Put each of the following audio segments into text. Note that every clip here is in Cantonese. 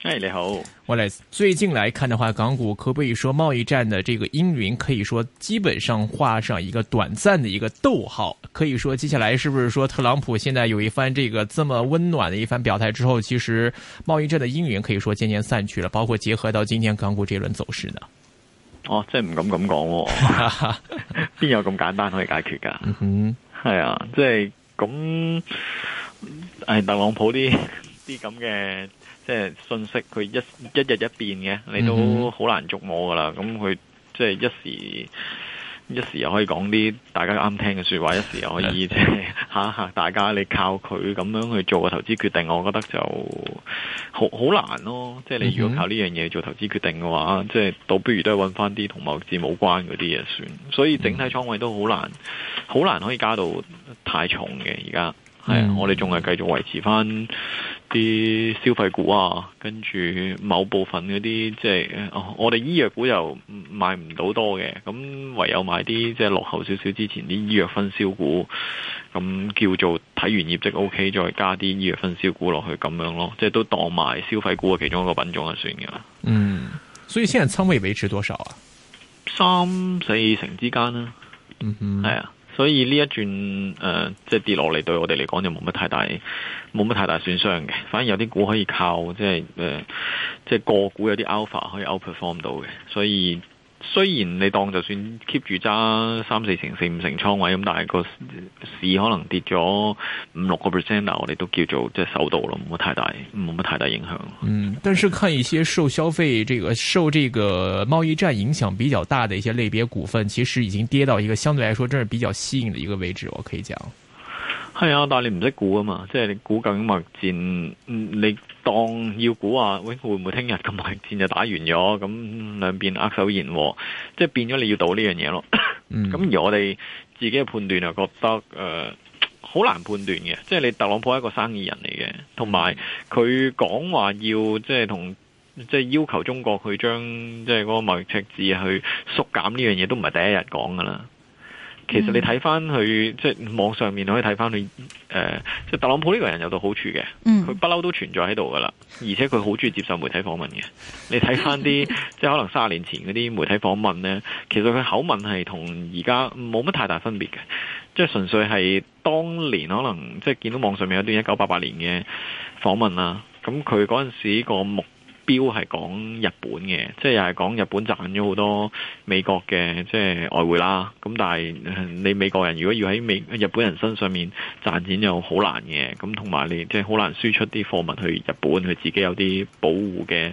嗨、hey，你好。我嚟最近來看的話，港股可唔可以說貿易戰的這個陰雲，可以說基本上畫上一個短暫的一個逗號。可以說接下來是不是說特朗普現在有一番這個這麼溫暖的一番表態之後，其實貿易戰的陰雲可以說漸漸散去了。包括結合到今天港股這一輪走勢呢？哦，真係唔敢咁講，哦，邊 有咁簡單可以解決噶？嗯哼，係啊，即係咁，係、哎、特朗普啲啲咁嘅。 這樣的即係信息佢，佢一一日一變嘅，你都好難捉摸噶啦。咁佢即係一時一時又可以講啲大家啱聽嘅說話，一時又可以即係吓吓大家，你靠佢咁樣去做個投資決定，我覺得就好好難咯。即係你如果靠呢樣嘢做投資決定嘅話，即係倒不如都係揾翻啲同貿易戰冇關嗰啲嘢算。所以整體倉位都好難，好難可以加到太重嘅。而家係啊，我哋仲係繼續維持翻。啲消費股啊，跟住某部分嗰啲即係我哋醫藥股又買唔到多嘅，咁唯有買啲即係落後少少之前啲醫藥分銷股，咁叫做睇完業績 OK，再加啲醫藥分銷股落去咁樣咯，即係都當埋消費股嘅其中一個品種就算嘅喇。嗯，所以現時倉位維持多少啊？三四成之間啦。嗯哼，係啊。所以呢一轉誒，即係跌落嚟，對我哋嚟講就冇乜太大，冇乜太大損傷嘅。反而有啲股可以靠，即係誒，即係個股有啲 alpha 可以 outperform 到嘅。所以。雖然你當就算 keep 住揸三四成、四五成倉位咁，但係個市可能跌咗五六個 percent，我哋都叫做即係守到咯，冇乜太大，冇乜太大影響。嗯，但是看一些受消費、這個受這個貿易戰影響比較大的一些類別股份，其實已經跌到一個相對來說，真是比較吸引的一個位置，我可以講。係、嗯、啊，但係你唔識估啊嘛，即、就、係、是、你估究竟貿易戰，嗯，你。當要估啊，喂，會唔會聽日個貿易戰就打完咗？咁兩邊握手言和，即係變咗你要賭呢樣嘢咯。咁、嗯、而我哋自己嘅判斷就覺得誒，好、呃、難判斷嘅。即係你特朗普係一個生意人嚟嘅，還有他說說同埋佢講話要即係同即係要求中國去將即係嗰個貿易赤字去縮減呢樣嘢，都唔係第一日講噶啦。其實你睇翻佢，即係網上面可以睇翻佢，誒，即係特朗普呢個人有到好處嘅，佢不嬲都存在喺度噶啦。而且佢好中意接受媒體訪問嘅。你睇翻啲，即係可能三十年前嗰啲媒體訪問呢，其實佢口吻係同而家冇乜太大分別嘅，即係純粹係當年可能即係見到網上面有一段一九八八年嘅訪問啦。咁佢嗰陣時個目。標係講日本嘅，即係又係講日本賺咗好多美國嘅即係外匯啦。咁但係你美國人如果要喺美日本人身上面賺錢又好難嘅，咁同埋你即係好難輸出啲貨物去日本，佢自己有啲保護嘅，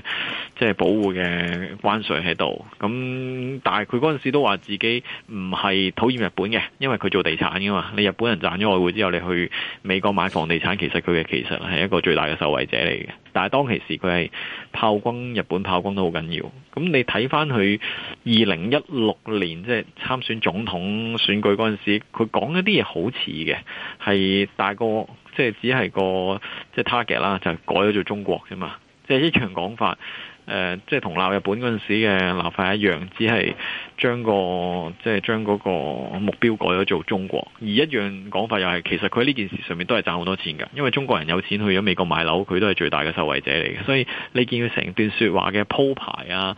即係保護嘅關稅喺度。咁但係佢嗰陣時都話自己唔係討厭日本嘅，因為佢做地產噶嘛。你日本人賺咗外匯之後，你去美國買房地產，其實佢嘅其實係一個最大嘅受惠者嚟嘅。但係當其時佢係。炮轟日本炮轟都好緊要，咁你睇翻佢二零一六年即係、就是、參選總統選舉嗰陣時，佢講一啲嘢好似嘅，係大個即係只係個即係 target 啦，就是是就是就是、改咗做中國啫嘛，即、就、係、是、一場講法。誒、呃，即係同鬧日本嗰陣時嘅鬧法一樣，只係將個即係將嗰個目標改咗做中國，而一樣講法又係其實佢呢件事上面都係賺好多錢㗎，因為中國人有錢去咗美國買樓，佢都係最大嘅受惠者嚟嘅，所以你見佢成段說話嘅鋪排啊、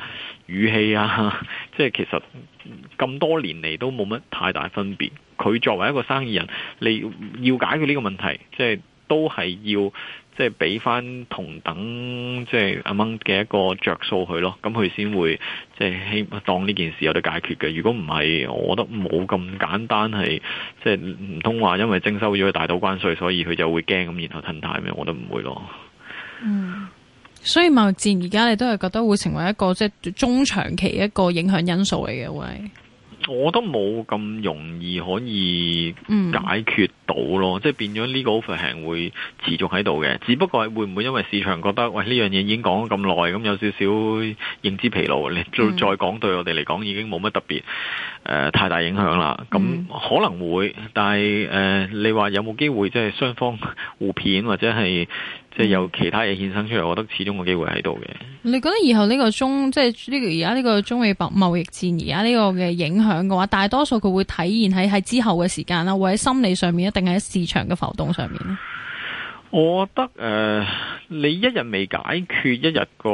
語氣啊，即係其實咁多年嚟都冇乜太大分別。佢作為一個生意人，你要解決呢個問題，即係都係要。即係俾翻同等即係阿蚊嘅一個着數佢咯，咁佢先會即係希望當呢件事有得解決嘅。如果唔係，我覺得冇咁簡單係，即係唔通話因為徵收咗大島關稅，所以佢就會驚咁然後褪軚咩？我都唔會咯。嗯，所以貿易戰而家你都係覺得會成為一個即係中長期一個影響因素嚟嘅，喂。我都冇咁容易可以解決到咯，嗯、即係變咗呢個 offer 會持續喺度嘅。只不過係會唔會因為市場覺得，喂，呢樣嘢已經講咗咁耐，咁有少少認知疲勞，你再再講對我哋嚟講已經冇乜特別誒、呃、太大影響啦。咁、嗯、可能會，但係誒、呃、你話有冇機會即係雙方互騙或者係？即係有其他嘢衍生出嚟，我覺得始終冇機會喺度嘅。你覺得以後呢個中，即係呢個而家呢個中美貿易戰，而家呢個嘅影響嘅話，大多數佢會體現喺喺之後嘅時間啦，會喺心理上面，一定喺市場嘅浮動上面。我覺得誒。呃你一日未解決，一日個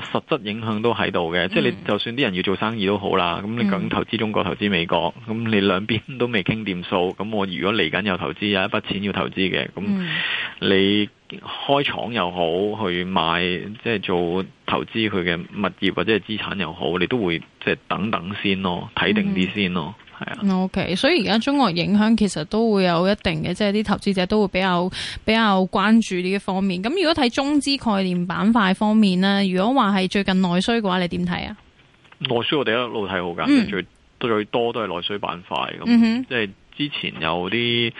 實質影響都喺度嘅。即係你就算啲人要做生意都好啦。咁你講投資中國、嗯、投資美國，咁你兩邊都未傾掂數。咁我如果嚟緊有投資，有一筆錢要投資嘅，咁你開廠又好，去買即係做投資佢嘅物業或者係資產又好，你都會即係等等先咯，睇定啲先咯。嗯係啊，OK，所以而家中國影響其實都會有一定嘅，即係啲投資者都會比較比較關注呢一方面。咁如果睇中資概念板塊方面咧，如果話係最近內需嘅話，你點睇啊？內需我哋一路睇好緊嘅，嗯，即係、最最多都係內需板塊咁，對、即係。嗯哼之前有啲誒、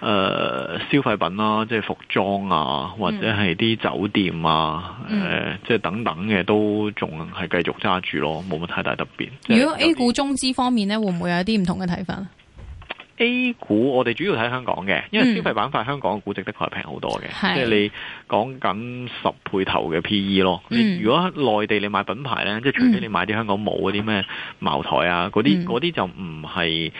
呃、消費品啦、啊，即係服裝啊，或者係啲酒店啊，誒、嗯呃、即係等等嘅都仲係繼續揸住咯，冇乜太大特別。如果 A 股中資方面呢，會唔會有一啲唔同嘅睇法？A 股我哋主要睇香港嘅，因為消費板塊香港嘅估值的確係平好多嘅、嗯，即係你講緊十倍頭嘅 P E 咯。嗯、如果內地你買品牌呢，即係除非你買啲香港冇嗰啲咩茅台啊，啲嗰啲就唔係。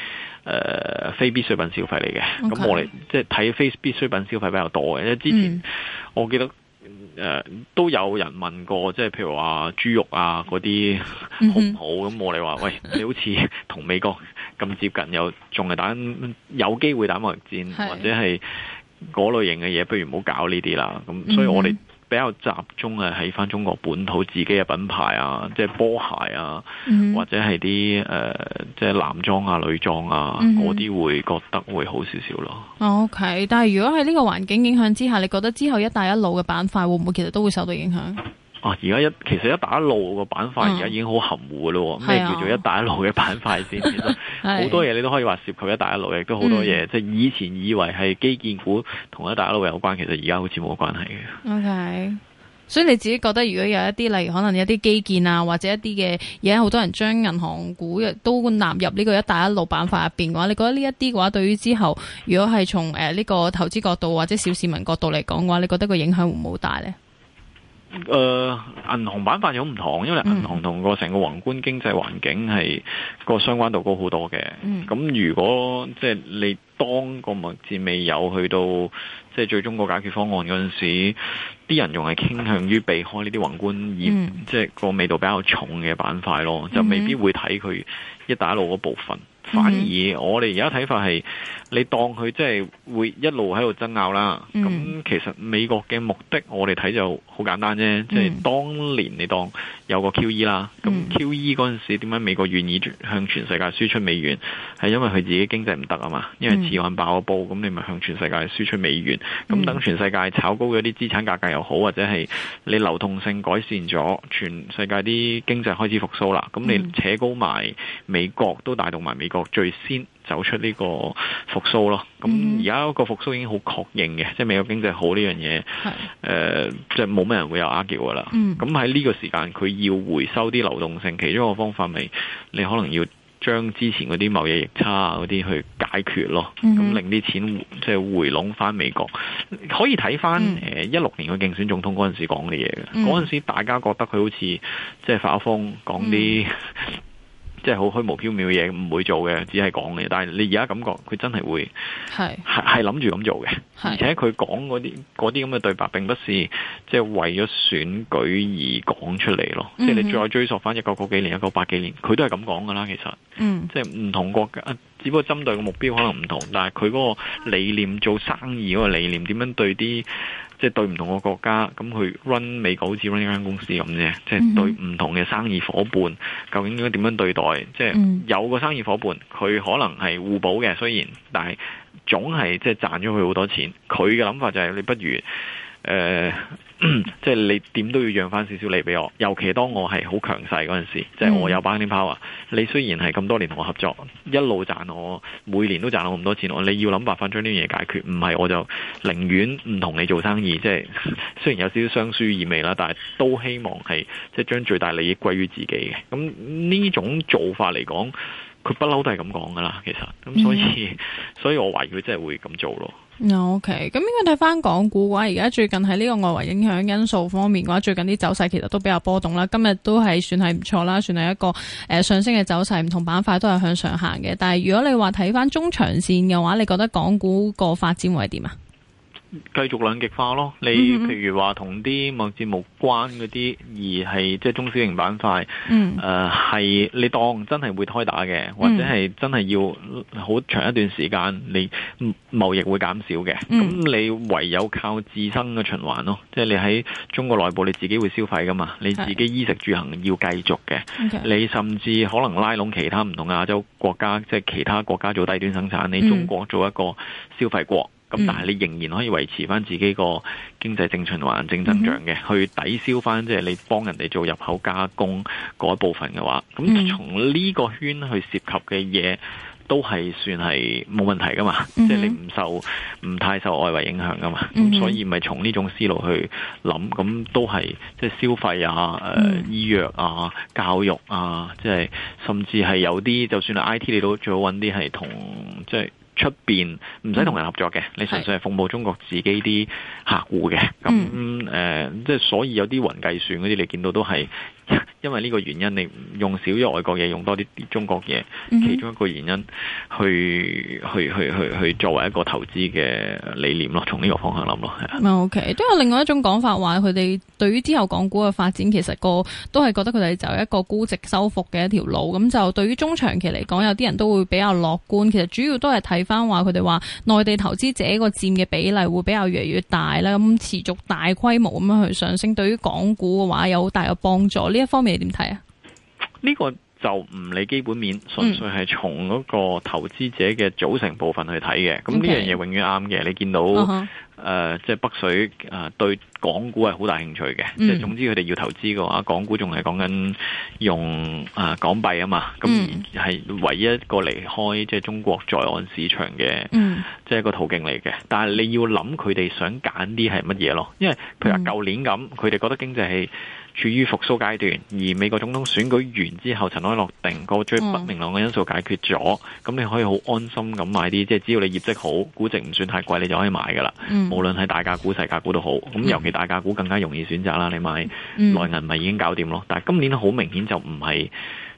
誒、呃、非必需品消費嚟嘅，咁、okay. 我哋即係睇非必需品消費比較多嘅，因為之前我記得誒、mm -hmm. 呃、都有人問過，即係譬如話豬肉啊嗰啲好唔好？咁、mm -hmm. 我哋話喂，你好似同 美國咁接近，又仲係打有機會打貿易戰，或者係嗰類型嘅嘢，不如唔好搞呢啲啦。咁所以我哋。Mm -hmm. 比較集中誒喺翻中國本土自己嘅品牌啊，即係波鞋啊，mm-hmm. 或者係啲誒即係男裝啊、女裝啊，嗰啲，mm-hmm. 會覺得會好少少咯。OK，但係如果喺呢個環境影響之下，你覺得之後一帶一路嘅板塊會唔會其實都會受到影響？而、哦、家一其實一帶一路個板塊而家已經好含糊嘅咯，咩、嗯、叫做一帶一路嘅板塊先？好、啊、 多嘢你都可以話涉及一帶一路，亦都好多嘢、嗯、即係以前以為係基建股同一帶一路有關，其實而家好似冇關係嘅。OK，所以你自己覺得如果有一啲例如可能一啲基建啊，或者一啲嘅而家好多人將銀行股都納入呢個一帶一路板塊入邊嘅話，你覺得呢一啲嘅話對於之後如果係從誒呢、呃呢個投資角度或者小市民角度嚟講嘅話，你覺得個影響會唔會好大呢？誒、呃，銀行板塊有唔同，因為銀行同個成個宏觀經濟環境係個相關度高好多嘅。咁、嗯、如果即係你當個貿戰，未有去到，即係最終個解決方案嗰陣時，啲人仲係傾向於避開呢啲宏觀，而、嗯、即係個味道比較重嘅板塊咯，就未必會睇佢一帶一路嗰部分。反而我哋而家睇法係，你當佢即係會一路喺度爭拗啦。咁、mm -hmm. 其實美國嘅目的，我哋睇就好簡單啫。即、mm、係 -hmm. 當年你當有個 QE 啦，咁 QE 嗰陣時點解美國願意向全世界輸出美元？係因為佢自己經濟唔得啊嘛，因為次按爆咗煲，咁你咪向全世界輸出美元。咁等全世界炒高嗰啲資產價格又好，或者係你流動性改善咗，全世界啲經濟開始復蘇啦。咁你扯高埋美國都帶動埋美國。最先走出呢個復甦咯，咁而家個復甦已經好確認嘅、嗯，即係美國經濟好呢樣嘢，誒、呃，即係冇咩人會有拗撬噶啦。咁喺呢個時間，佢要回收啲流動性，其中一個方法咪，你可能要將之前嗰啲貿易逆差啊嗰啲去解決咯，咁令啲錢即係回籠翻美國。可以睇翻誒一六年嘅競選總統嗰陣時講嘅嘢，嗰陣時候大家覺得佢好似即係發噏風講啲。即係好虛無縹緲嘅嘢，唔會做嘅，只係講嘅。但係你而家感覺佢真係會係諗住咁做嘅，而且佢講嗰啲嗰啲咁嘅對白，並不是即係、就是、為咗選舉而講出嚟咯。嗯、即係你再追溯翻一九九幾年、一九八幾年，佢都係咁講噶啦。其實，嗯、即係唔同國家，只不過針對嘅目標可能唔同，但係佢嗰個理念做生意嗰個理念，點樣對啲？即係對唔同嘅國家，咁佢 run 美國好似 run 呢間公司咁啫。即係對唔同嘅生意夥伴，究竟應該點樣對待？即係有個生意夥伴，佢可能係互補嘅，雖然，但係總係即係賺咗佢好多錢。佢嘅諗法就係你不如。誒、呃，即係你點都要讓翻少少利俾我，尤其當我係好強勢嗰陣時、嗯，即係我有 bargaining power。你雖然係咁多年同我合作，一路賺我，每年都賺我咁多錢，我你要諗辦法將呢樣嘢解決，唔係我就寧願唔同你做生意。即係雖然有少少相輸意味啦，但係都希望係即係將最大利益歸於自己嘅。咁呢種做法嚟講，佢不嬲都係咁講噶啦，其實咁所以，所以我懷疑佢真係會咁做咯。OK，咁應該睇翻港股嘅話，而家最近喺呢個外圍影響因素方面嘅話，最近啲走勢其實都比較波動啦。今日都係算係唔錯啦，算係一個誒上升嘅走勢，唔同板塊都係向上行嘅。但係如果你話睇翻中長線嘅話，你覺得港股個發展會係點啊？繼續兩極化咯，你譬如話同啲貿易冇關嗰啲，而係即係中小型板塊，係、嗯呃、你當真係會開打嘅，或者係真係要好長一段時間，你貿易會減少嘅。咁、嗯、你唯有靠自身嘅循環咯，即係你喺中國內部你自己會消費噶嘛，你自己衣食住行要繼續嘅。Okay. 你甚至可能拉攏其他唔同亞洲國家，即係其他國家做低端生產，你中國做一個消費國。嗯嗯、但係你仍然可以維持翻自己個經濟正循環，正增長嘅，去抵消翻即係你幫人哋做入口加工嗰一部分嘅話，咁從呢個圈去涉及嘅嘢都係算係冇問題噶嘛，即、嗯、係、就是、你唔受唔、嗯、太受外圍影響噶嘛，咁、嗯、所以咪從呢種思路去諗，咁都係即係消費啊、誒、嗯、醫藥啊、教育啊，即、就、係、是、甚至係有啲就算係 IT 你都最好搵啲係同即係。就是出邊唔使同人合作嘅、嗯，你純粹係服務中國自己啲客戶嘅。咁誒即係所以有啲雲計算嗰啲，你見到都係因為呢個原因，你用少咗外國嘢，用多啲中國嘢、嗯。其中一個原因，去去去去去作為一個投資嘅理念咯，從呢個方向諗咯。係啊 OK，都有另外一種講法話，佢哋對於之後港股嘅發展，其實個都係覺得佢哋就係一個估值修復嘅一條路。咁就對於中長期嚟講有啲人都會比較樂觀，其實主要都係睇。翻話佢哋話內地投資者個佔嘅比例會比較越嚟越大啦，咁持續大規模咁樣去上升，對於港股嘅話有好大嘅幫助。呢一方面你點睇啊？呢、這個就唔理基本面，純粹係從嗰個投資者嘅組成部分去睇嘅。咁、嗯、呢樣嘢永遠啱嘅。你見到誒，即係、uh-huh. 呃、就是、北水誒、呃、對。港股係好大興趣嘅，即、嗯、係總之佢哋要投資嘅話，港股仲係講緊用啊港幣啊嘛，咁、嗯、係唯一一個離開即係、就是、中國在岸市場嘅，即、嗯、係一個途徑嚟嘅。但係你要諗佢哋想揀啲係乜嘢咯？因為譬如話舊年咁，佢、嗯、哋覺得經濟係處於復甦階段，而美國總統選舉完之後塵埃落定，個最不明朗嘅因素解決咗，咁、嗯、你可以好安心咁買啲，即係只要你業績好，估值唔算太貴，你就可以買㗎啦、嗯。無論係大價股、細價股都好，咁大價股更加容易選擇啦，你買內銀咪已經搞掂咯、嗯。但係今年好明顯就唔係，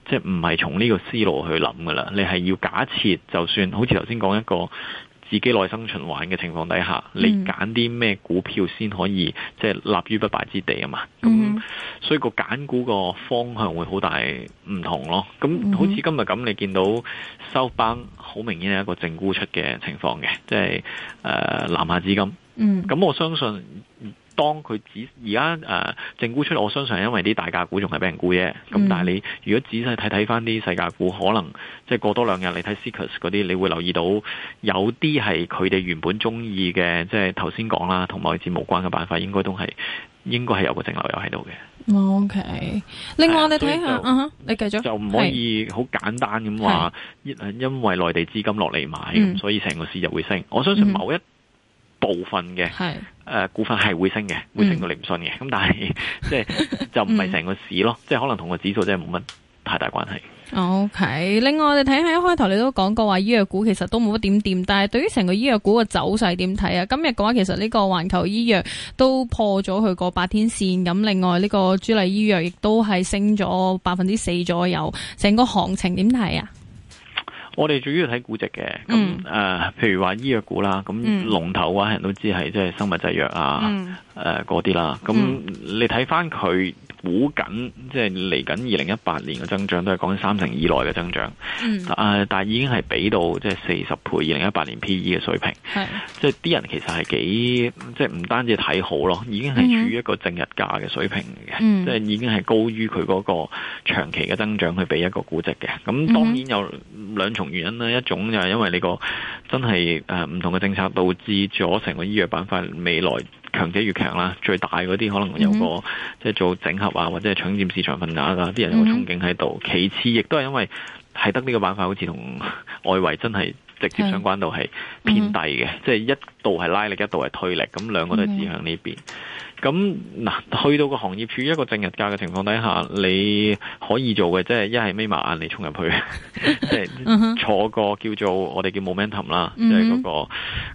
即係唔係從呢個思路去諗噶啦。你係要假設，就算好似頭先講一個自己內生循環嘅情況底下，你揀啲咩股票先可以即係、就是、立於不敗之地啊嘛。咁、嗯、所以個揀股個方向會好大唔同咯。咁好似今日咁，你見到 Southbound 好明顯係一個淨沽出嘅情況嘅，即係誒南下資金。咁、嗯、我相信。當佢只而家誒正沽出嚟，我相信因為啲大價股仲係俾人估啫。咁、嗯、但係你如果仔細睇睇翻啲細價股，可能即係過多兩日你睇 Seekers 嗰啲，你會留意到有啲係佢哋原本中意嘅，即係頭先講啦，同某件事無關嘅辦法，應該都係應該係有個淨流入喺度嘅。O、嗯、K，、uh, 另外你睇下，嗯哼，你繼續就唔可以好簡單咁話，因因為內地資金落嚟買，所以成個市就會升、嗯。我相信某一、嗯部分嘅、呃，股份係會升嘅，會升到你唔信嘅。咁、嗯、但係即係就唔係成個市咯、 嗯，即係可能同個指數真係冇乜太大關係。OK，另外我哋睇下一開頭你都講過話醫藥股其實都冇乜點掂，但係對於成個醫藥股嘅走勢點睇啊？今日嘅話其實呢個環球醫藥都破咗佢個八天線，咁另外呢個朱麗醫藥亦都係升咗百分之四左右，成個行情點睇啊？我哋主要睇估值嘅，咁誒、嗯呃，譬如話醫藥股啦，咁龍頭嘅、嗯、人都知係即係生物製藥啊，誒嗰啲啦，咁、呃嗯、你睇翻佢估緊，即係嚟緊二零一八年嘅增長都係講緊三成以內嘅增長，嗯、但係已經係俾到即係四十倍二零一八年 P E 嘅水平，即係啲人其實係幾，即係唔單止睇好咯，已經係處於一個正日價嘅水平，即、嗯、係、就是、已經係高於佢嗰個長期嘅增長去俾一個估值嘅，咁當然有兩重。原因呢，一種就係因為你個真係誒唔同嘅政策導致咗成個醫藥板塊未來強者越強啦，最大嗰啲可能有個、嗯、即係做整合啊，或者係搶佔市場份額噶，啲人有個憧憬喺度、嗯。其次，亦都係因為係得呢個板塊，好似同外圍真係直接相關度係偏低嘅，即、嗯、係、就係、一度係拉力，一度係推力，咁兩個都係指向呢邊。嗯嗯。咁嗱，去到個行業處於一個正日價嘅情況底下，你可以做嘅，即係一係眯埋眼你衝入去，即 係 坐個叫做我哋叫 momentum 啦、那個，即係嗰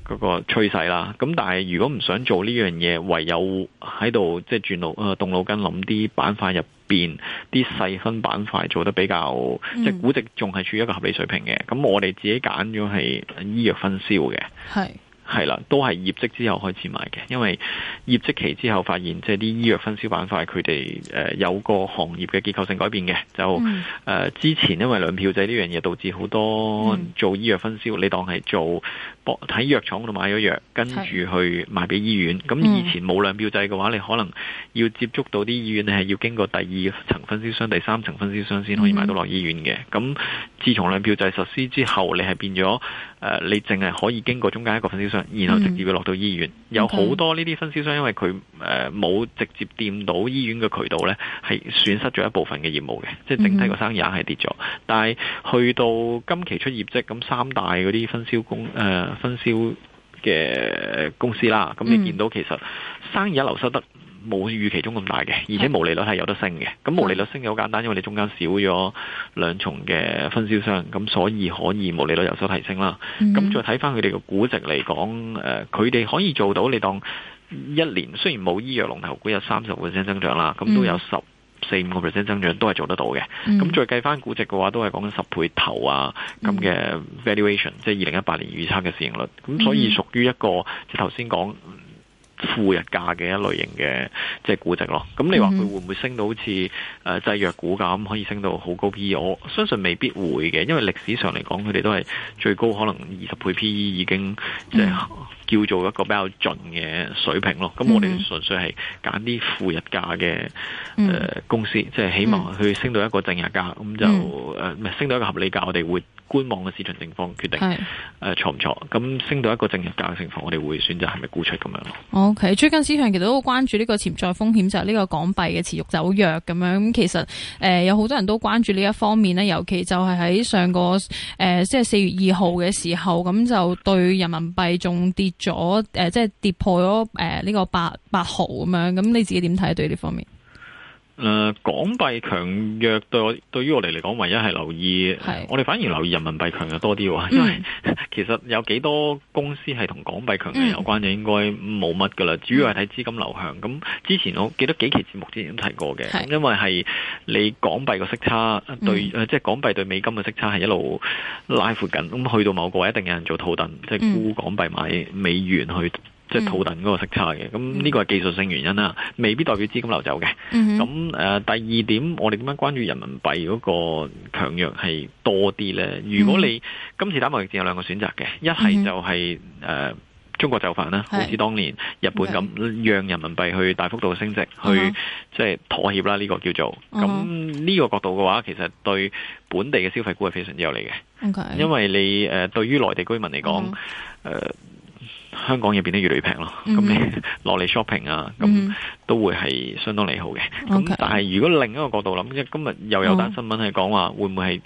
個嗰個趨勢啦。咁但係如果唔想做呢樣嘢，唯有喺度即係轉腦啊、呃、動腦筋諗啲板塊入邊啲細分板塊做得比較即係、就是、估值仲係處於一個合理水平嘅。咁、mm -hmm. 我哋自己揀咗係醫藥分銷嘅。係。係啦，都係業績之後開始賣嘅，因為業績期之後發現，即係啲醫藥分銷板塊佢哋誒有個行業嘅結構性改變嘅，就誒、嗯呃、之前因為兩票制呢樣嘢導致好多做醫藥分銷、嗯，你當係做博喺藥廠嗰度買咗藥，跟住去賣俾醫院。咁以前冇兩票制嘅話，你可能要接觸到啲醫院，你係要經過第二層分銷商、第三層分銷商先可以買到落醫院嘅。咁、嗯、自從兩票制實施之後，你係變咗誒，你淨係可以經過中間一個分銷商。然後直接落到醫院，嗯、有好多呢啲分銷商，因為佢誒冇直接掂到醫院嘅渠道呢係損失咗一部分嘅業務嘅，即係整體個生意額係跌咗，嗯。但係去到今期出業績，咁三大嗰啲分銷公誒、呃、分銷嘅公司啦，咁你見到其實生意一流失得。冇預期中咁大嘅，而且毛利率係有得升嘅。咁毛利率升嘅好簡單，因為你中間少咗兩重嘅分銷商，咁所以可以毛利率有所提升啦。咁、mm -hmm. 再睇翻佢哋嘅估值嚟講，佢、呃、哋可以做到，你當一年雖然冇醫藥龍頭股有三十個 percent 增長啦，咁都有十四五個 percent 增長都係做得到嘅。咁、mm -hmm. 再計翻估值嘅話，都係講緊十倍頭啊咁嘅 valuation，、mm -hmm. 即係二零一八年預測嘅市盈率，咁所以屬於一個即係頭先講。富日價嘅一類型嘅即係估值咯，咁你話佢會唔會升到好似誒製藥股咁，可以升到好高 PE？我相信未必會嘅，因為歷史上嚟講，佢哋都係最高可能二十倍 PE 已經即係。就是嗯要做一個比較盡嘅水平咯，咁我哋純粹係揀啲負溢價嘅誒、嗯呃、公司，即係起碼佢升到一個正溢價，咁就誒唔係升到一個合理價，我哋會觀望嘅市場情況決定誒錯唔錯。咁、呃、升到一個正溢價嘅情況，我哋會選擇係咪沽出咁樣咯。OK，最近市場其實都好關注呢個潛在風險就係、是、呢個港幣嘅持續走弱咁樣。咁其實誒、呃、有好多人都關注呢一方面咧，尤其就係喺上個誒即係四月二號嘅時候，咁就對人民幣仲跌。咗、呃、誒，即係跌破咗誒呢個八八毫咁樣，咁你自己點睇對呢方面？誒、呃，港幣強弱對我對於我哋嚟講，唯一係留意，我哋反而留意人民幣強弱多啲、嗯，因為其實有幾多公司係同港幣強弱有關，嘅、嗯，應該冇乜噶啦。主要係睇資金流向。咁之前我記得幾期節目之前都提過嘅，咁因為係你港幣個息差對、嗯呃、即係港幣對美金嘅息差係一路拉闊緊，咁去到某個位一定有人做套戥，即係沽港幣買美元去。嗯去即係套戥嗰個色差嘅，咁呢個係技術性原因啦、嗯，未必代表資金流走嘅。咁、嗯、誒、呃、第二點，我哋點樣關注人民幣嗰個強弱係多啲呢？如果你、嗯、今次打貿易戰有兩個選擇嘅，一係就係、是、誒、嗯呃、中國就範啦，好似當年日本咁，讓人民幣去大幅度升值，嗯、去即係、就是、妥協啦。呢、這個叫做咁呢、嗯、個角度嘅話，其實對本地嘅消費股係非常之有利嘅，嗯、okay，因為你誒、呃、對於內地居民嚟講，誒、嗯。Okay，呃香港嘢變得越嚟越平咯，咁你落嚟 shopping 啊，咁、嗯、都會係相當利好嘅。咁、okay. 但係如果另一個角度諗，今日又有單新聞係講話會唔會係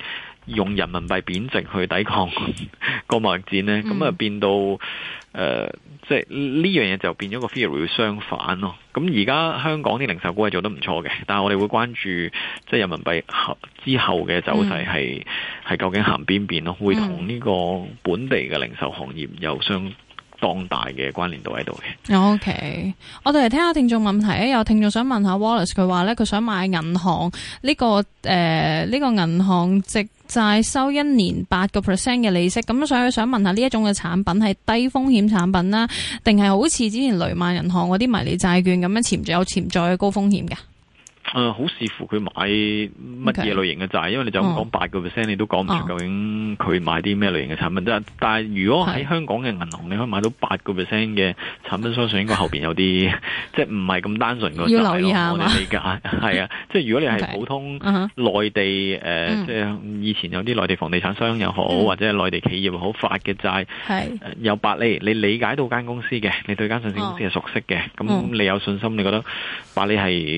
用人民幣貶值去抵抗個貿易戰呢？咁、mm、啊 -hmm. 變到誒，即係呢樣嘢就變咗個 theory 會相反咯。咁而家香港啲零售股係做得唔錯嘅，但係我哋會關注即係人民幣之後嘅走勢係係究竟行邊邊咯？會同呢個本地嘅零售行業有相？當大嘅關聯度喺度嘅。OK，我哋嚟聽下聽眾問題咧。有聽眾想問下 Wallace，佢話咧佢想買銀行呢、這個誒呢、呃這個銀行直債收一年八個 percent 嘅利息。咁所以想問下呢一種嘅產品係低風險產品啦，定係好似之前雷曼銀行嗰啲迷你債券咁樣潛在有潛在嘅高風險嘅？誒、呃，好視乎佢買乜嘢類型嘅債，okay. 因為你就咁講八個 percent 你都講唔出究竟佢買啲咩類型嘅產品。即、嗯、但係如果喺香港嘅銀行，你可以買到八個 percent 嘅產品，相信應該後邊有啲 即係唔係咁單純嘅債咯。我哋理解係啊， 即係如果你係普通內地誒即係以前有啲內地房地產商又好、嗯，或者係內地企業好發嘅債，係、呃、有八釐，你理解到間公司嘅，你對間上市公司係熟悉嘅，咁、嗯、你有信心，你覺得八釐係吸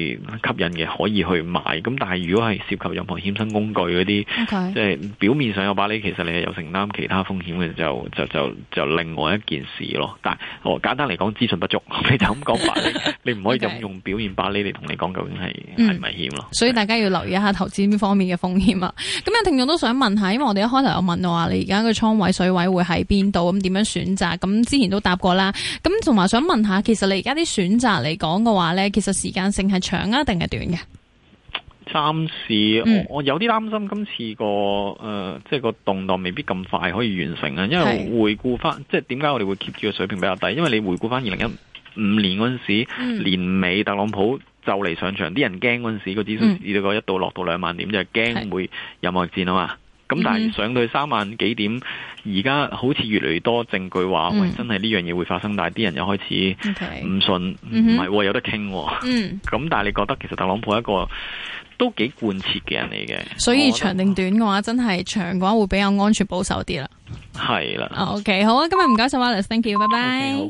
引。可以去買，咁但係如果係涉及任何衍生工具嗰啲，okay. 即係表面上有把利，其實你係有承擔其他風險嘅，就就就就另外一件事咯。但係我、哦、簡單嚟講，資訊不足，你就咁講法， 你唔可以咁用表面把利嚟同你講究竟係係咪險咯。所以大家要留意一下投資呢方面嘅風險啊。咁、嗯、有聽眾都想問一下，因為我哋一開頭有問到話你而家個倉位水位會喺邊度，咁點樣選擇？咁之前都答過啦。咁同埋想問一下，其實你而家啲選擇嚟講嘅話咧，其實時間性係長啊定係短？暫、yeah. 時、嗯、我，我有啲擔心今次個誒、呃，即係個動盪未必咁快可以完成啊。因為回顧翻，即係點解我哋會 keep 住個水平比較低？因為你回顧翻二零一五年嗰陣時候、嗯，年尾特朗普就嚟上場，啲人驚嗰陣時個指數跌到個一度落到兩萬點，就係、是、驚會有貿易戰啊嘛。咁、嗯、但係上到三萬幾點，而家好似越嚟越多證據話，喂、嗯，真係呢樣嘢會發生，但係啲人又開始唔信，唔係喎，有得傾喎。嗯，咁但係你覺得其實特朗普係一個都幾貫徹嘅人嚟嘅。所以長定短嘅話，真係長嘅話會比較安全保守啲啦。係啦。OK，好啊，今日唔該晒，Wallace，thank you，拜拜。Okay,